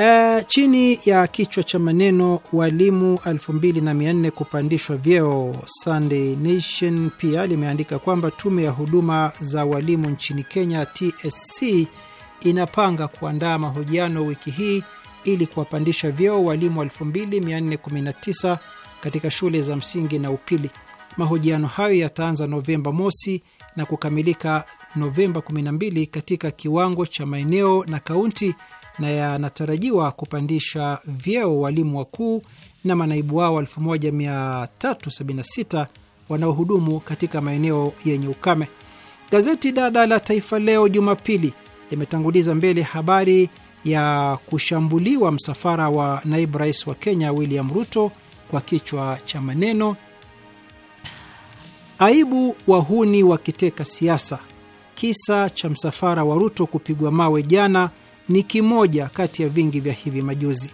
E, chini ya kichwa cha maneno walimu 2400 kupandishwa vyeo, Sunday Nation pia limeandika kwamba tume ya huduma za walimu nchini Kenya TSC inapanga kuandaa mahojiano wiki hii ili kuwapandisha vyeo walimu 2419 katika shule za msingi na upili. Mahojiano hayo yataanza Novemba mosi na kukamilika Novemba 12 katika kiwango cha maeneo na kaunti, na yanatarajiwa kupandisha vyeo walimu wakuu na manaibu wao 1376 wanaohudumu katika maeneo yenye ukame. Gazeti dada la Taifa Leo Jumapili limetanguliza mbele habari ya kushambuliwa msafara wa naibu rais wa Kenya William Ruto kwa kichwa cha maneno aibu, wahuni wakiteka siasa. Kisa cha msafara wa Ruto kupigwa mawe jana ni kimoja kati ya vingi vya hivi majuzi.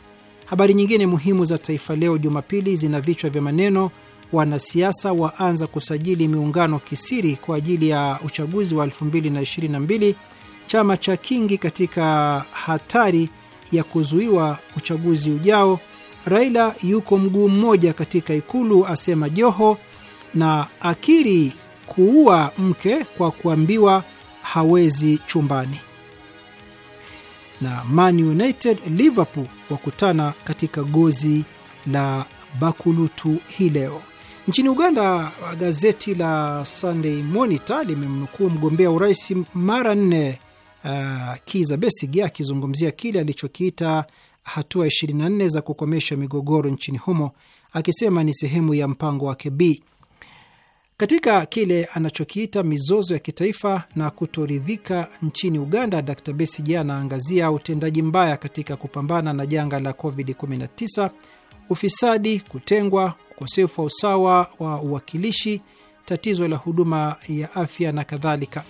Habari nyingine muhimu za Taifa Leo Jumapili zina vichwa vya maneno: wanasiasa waanza kusajili miungano kisiri kwa ajili ya uchaguzi wa 2022, chama cha Kingi katika hatari ya kuzuiwa uchaguzi ujao, Raila yuko mguu mmoja katika Ikulu, asema Joho, na akiri kuua mke kwa kuambiwa hawezi chumbani. Na Man United Liverpool wakutana katika gozi la bakulutu hii leo. Nchini Uganda, gazeti la Sunday Monitor limemnukuu mgombea urais mara nne uh, Kiza Besige akizungumzia kile alichokiita hatua 24 za kukomesha migogoro nchini humo, akisema ni sehemu ya mpango wake B katika kile anachokiita mizozo ya kitaifa na kutoridhika nchini Uganda. Dr Besigye anaangazia utendaji mbaya katika kupambana na janga la COVID-19, ufisadi, kutengwa, ukosefu wa usawa wa uwakilishi, tatizo la huduma ya afya na kadhalika.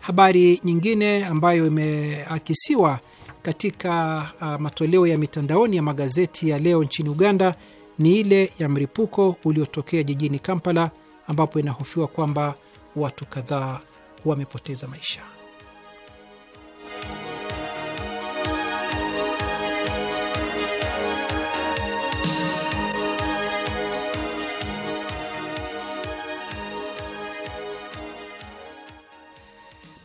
Habari nyingine ambayo imeakisiwa katika uh, matoleo ya mitandaoni ya magazeti ya leo nchini Uganda ni ile ya mlipuko uliotokea jijini Kampala ambapo inahofiwa kwamba watu kadhaa wamepoteza maisha.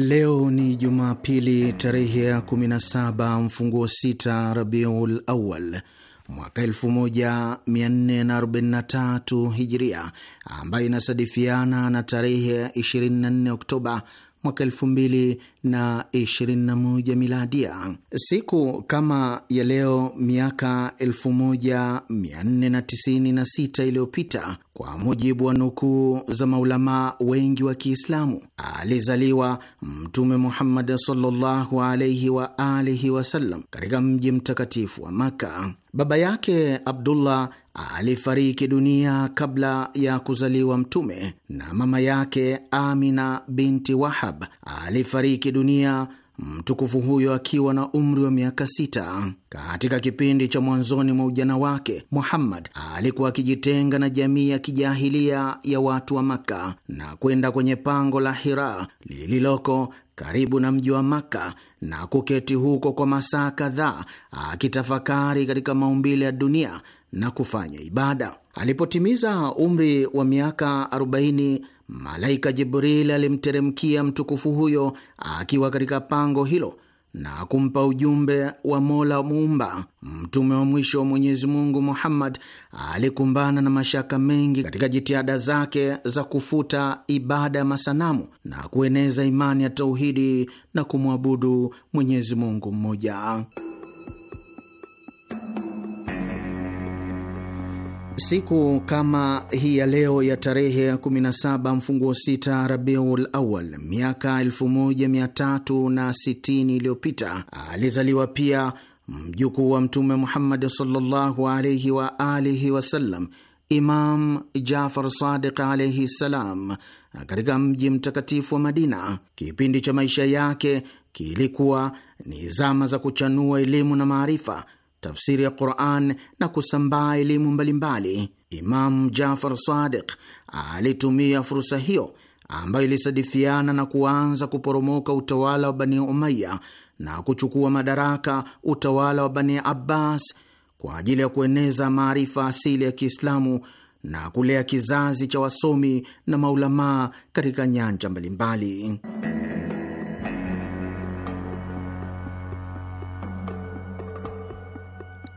Leo ni Jumapili tarehe ya 17 mfunguo 6 Rabiul Awal mwaka 1443 Hijria, ambayo inasadifiana na tarehe 24 Oktoba mwaka 2021 miladia. Siku kama ya leo miaka 1496 iliyopita, kwa mujibu wa nukuu za maulamaa wengi wa Kiislamu, alizaliwa Mtume Muhammad sallallahu alaihi wa alihi wasallam katika mji mtakatifu wa Maka. Baba yake Abdullah alifariki dunia kabla ya kuzaliwa Mtume, na mama yake Amina binti Wahab alifariki dunia mtukufu huyo akiwa na umri wa miaka sita. Katika kipindi cha mwanzoni mwa ujana wake, Muhammad alikuwa akijitenga na jamii ya kijahilia ya watu wa Makka na kwenda kwenye pango la Hira lililoko karibu na mji wa Makka na kuketi huko kwa masaa kadhaa akitafakari katika maumbile ya dunia na kufanya ibada. Alipotimiza umri wa miaka 40, malaika Jibril alimteremkia mtukufu huyo akiwa katika pango hilo na kumpa ujumbe wa Mola Muumba. Mtume wa mwisho wa Mwenyezi Mungu Muhammad alikumbana na mashaka mengi katika jitihada zake za kufuta ibada ya masanamu na kueneza imani ya tauhidi na kumwabudu Mwenyezi Mungu mmoja. Siku kama hii ya leo ya tarehe ya 17 mfunguo sita Rabiul Awal miaka 1360 iliyopita alizaliwa pia mjukuu wa Mtume Muhammad sallallahu alaihi wa alihi wasallam, Imam Jafar Sadiq alaihi ssalam, katika mji mtakatifu wa Madina. Kipindi cha maisha yake kilikuwa ni zama za kuchanua elimu na maarifa tafsiri ya Quran na kusambaa elimu mbalimbali. Imamu Jafar Sadiq alitumia fursa hiyo ambayo ilisadifiana na kuanza kuporomoka utawala wa Bani Umaya na kuchukua madaraka utawala wa Bani Abbas kwa ajili ya kueneza maarifa asili ya Kiislamu na kulea kizazi cha wasomi na maulamaa katika nyanja mbalimbali.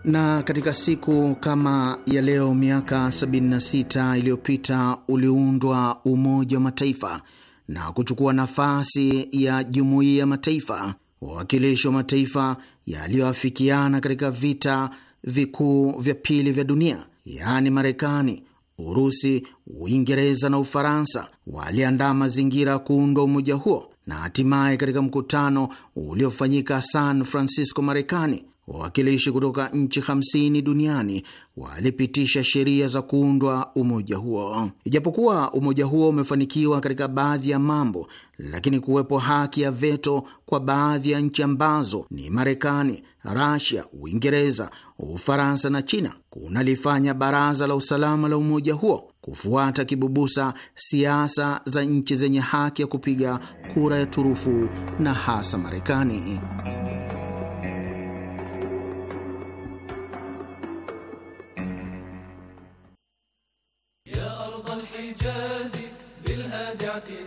Na katika siku kama ya leo miaka 76 iliyopita uliundwa Umoja wa Mataifa na kuchukua nafasi ya Jumuiya ya Mataifa, wawakilishi wa mataifa yaliyoafikiana katika vita vikuu vya pili vya dunia, yaani Marekani, Urusi, Uingereza na Ufaransa waliandaa mazingira ya kuundwa umoja huo, na hatimaye katika mkutano uliofanyika San Francisco, Marekani, wawakilishi kutoka nchi 50 duniani walipitisha sheria za kuundwa umoja huo. Ijapokuwa umoja huo umefanikiwa katika baadhi ya mambo, lakini kuwepo haki ya veto kwa baadhi ya nchi ambazo ni Marekani, Rasia, Uingereza, Ufaransa na China kunalifanya baraza la usalama la umoja huo kufuata kibubusa siasa za nchi zenye haki ya kupiga kura ya turufu na hasa Marekani. Iniziati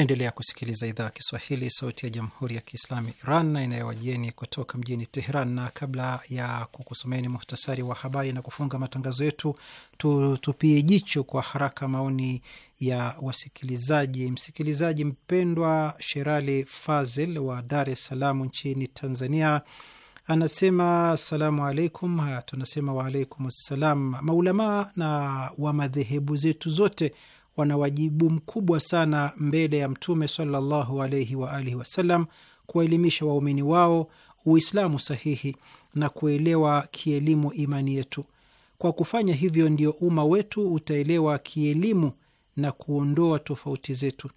Naendelea kusikiliza idhaa ya Kiswahili, sauti ya jamhuri ya kiislami Iran na inayowajieni kutoka mjini Teheran. Na kabla ya kukusomeni muhtasari wa habari na kufunga matangazo yetu, tutupie jicho kwa haraka maoni ya wasikilizaji. Msikilizaji mpendwa Sherali Fazil wa Dar es Salaam nchini Tanzania anasema salamu alaikum. Tunasema waalaikum ssalam. Maulamaa na wa madhehebu zetu zote wana wajibu mkubwa sana mbele ya Mtume sallallahu alaihi alihi wasallam kuwaelimisha waumini wao Uislamu sahihi na kuelewa kielimu imani yetu. Kwa kufanya hivyo, ndio umma wetu utaelewa kielimu na kuondoa tofauti zetu.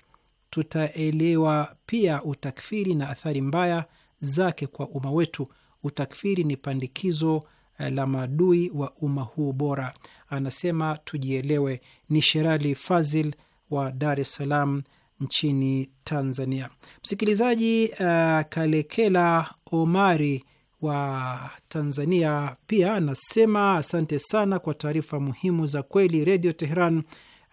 Tutaelewa pia utakfiri na athari mbaya zake kwa umma wetu. Utakfiri ni pandikizo eh, la maadui wa umma huu bora anasema tujielewe. Ni Sherali Fazil wa Dar es Salaam nchini Tanzania. Msikilizaji uh, Kalekela Omari wa Tanzania pia anasema asante sana kwa taarifa muhimu za kweli Redio Teheran,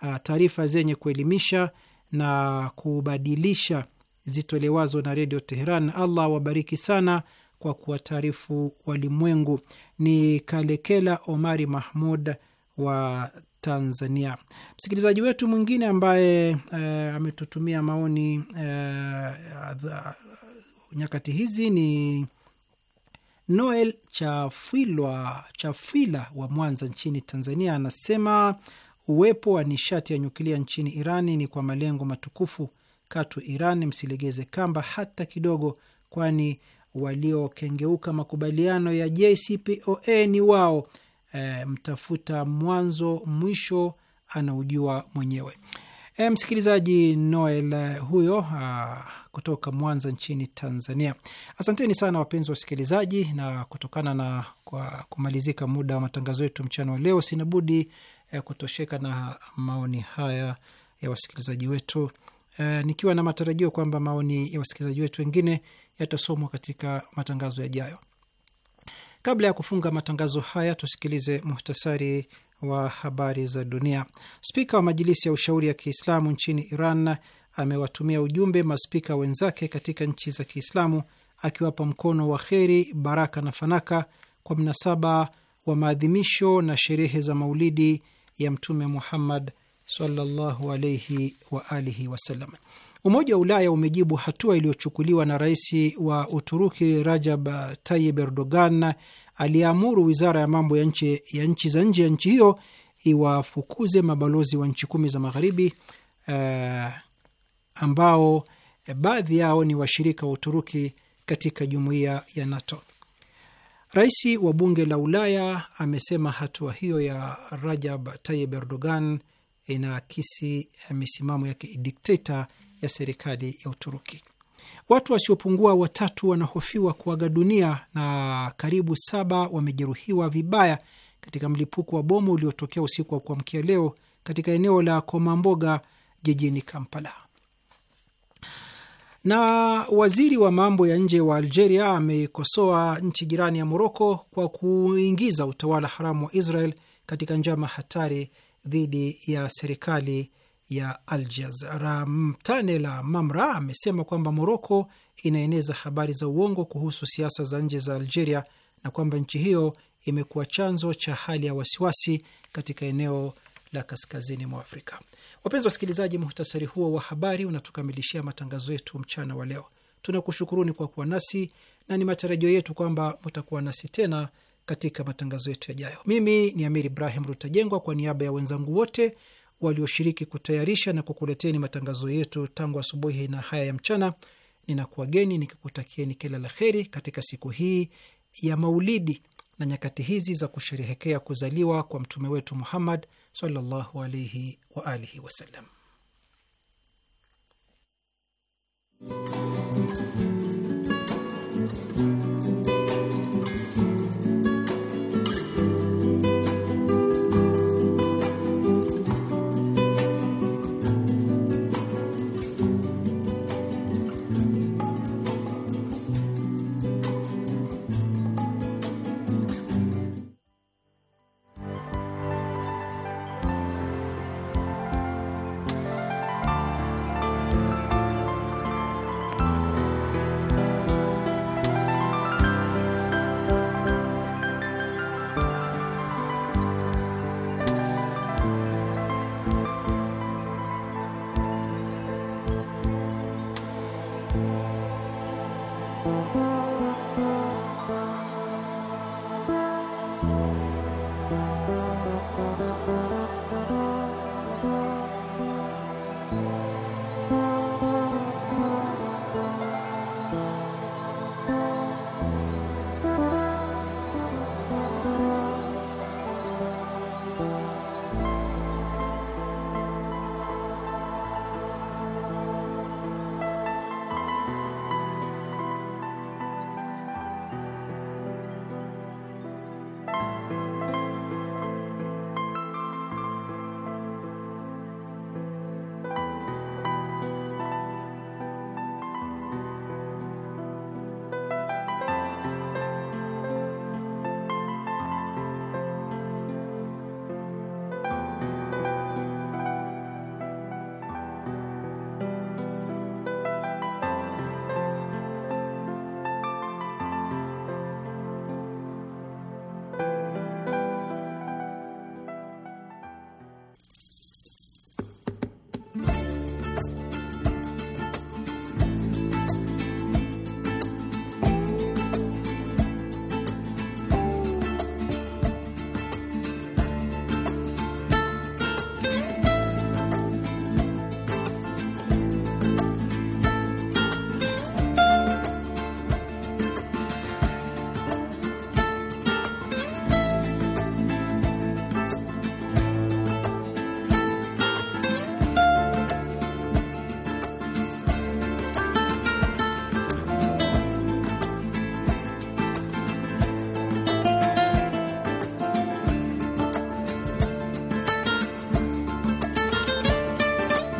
uh, taarifa zenye kuelimisha na kubadilisha zitolewazo na Redio Teheran. Allah wabariki sana kwa kuwataarifu walimwengu. Ni Kalekela Omari Mahmud wa Tanzania. Msikilizaji wetu mwingine ambaye e, ametutumia maoni e, adha, nyakati hizi ni Noel Chafwilwa Chafwila wa Mwanza nchini Tanzania, anasema uwepo wa nishati ya nyukilia nchini Irani ni kwa malengo matukufu. Katu Iran msilegeze kamba hata kidogo, kwani waliokengeuka makubaliano ya JCPOA ni wao e, mtafuta mwanzo mwisho anaujua mwenyewe. E, msikilizaji Noel e, huyo a, kutoka Mwanza nchini Tanzania. Asanteni sana wapenzi wa wasikilizaji, na kutokana na kwa kumalizika muda wa matangazo yetu mchana wa leo, sina budi e, kutosheka na maoni haya ya wasikilizaji wetu e, nikiwa na matarajio kwamba maoni ya wasikilizaji wetu wengine yatasomwa katika matangazo yajayo. Kabla ya kufunga matangazo haya, tusikilize muhtasari wa habari za dunia. Spika wa Majilisi ya Ushauri ya Kiislamu nchini Iran amewatumia ujumbe maspika wenzake katika nchi za Kiislamu akiwapa mkono wa kheri, baraka na fanaka kwa mnasaba wa maadhimisho na sherehe za maulidi ya Mtume Muhammad sallallahu alaihi wa alihi wasallam. Umoja wa Ulaya umejibu hatua iliyochukuliwa na rais wa Uturuki Rajab Tayyip Erdogan aliyeamuru wizara ya mambo ya nchi, ya nchi za nje ya nchi hiyo iwafukuze mabalozi wa nchi kumi za magharibi eh, ambao eh, baadhi yao ni washirika wa Uturuki katika jumuiya ya NATO. Rais wa bunge la Ulaya amesema hatua hiyo ya Rajab Tayyip Erdogan inaakisi eh, misimamo ya kidikteta ya serikali ya Uturuki. Watu wasiopungua watatu wanahofiwa kuaga dunia na karibu saba wamejeruhiwa vibaya katika mlipuko wa bomu uliotokea usiku wa kuamkia leo katika eneo la Komamboga jijini Kampala. Na waziri wa mambo ya nje wa Algeria amekosoa nchi jirani ya Moroko kwa kuingiza utawala haramu wa Israel katika njama hatari dhidi ya serikali ya Algiers. Ramtane la Mamra amesema kwamba Moroko inaeneza habari za uongo kuhusu siasa za nje za Algeria na kwamba nchi hiyo imekuwa chanzo cha hali ya wasiwasi katika eneo la kaskazini mwa Afrika. Wapenzi wasikilizaji, muhtasari huo wa habari unatukamilishia matangazo yetu mchana wa leo. Tunakushukuruni kwa kuwa nasi na ni matarajio yetu kwamba mutakuwa nasi tena katika matangazo yetu yajayo. Mimi ni Amir Ibrahim Rutajengwa, kwa niaba ya wenzangu wote walioshiriki kutayarisha na kukuleteni matangazo yetu tangu asubuhi na haya ya mchana. Ninakuwageni nikikutakieni kila la kheri katika siku hii ya Maulidi na nyakati hizi za kusherehekea kuzaliwa kwa mtume wetu Muhammad sallallahu alaihi wa alihi wasallam.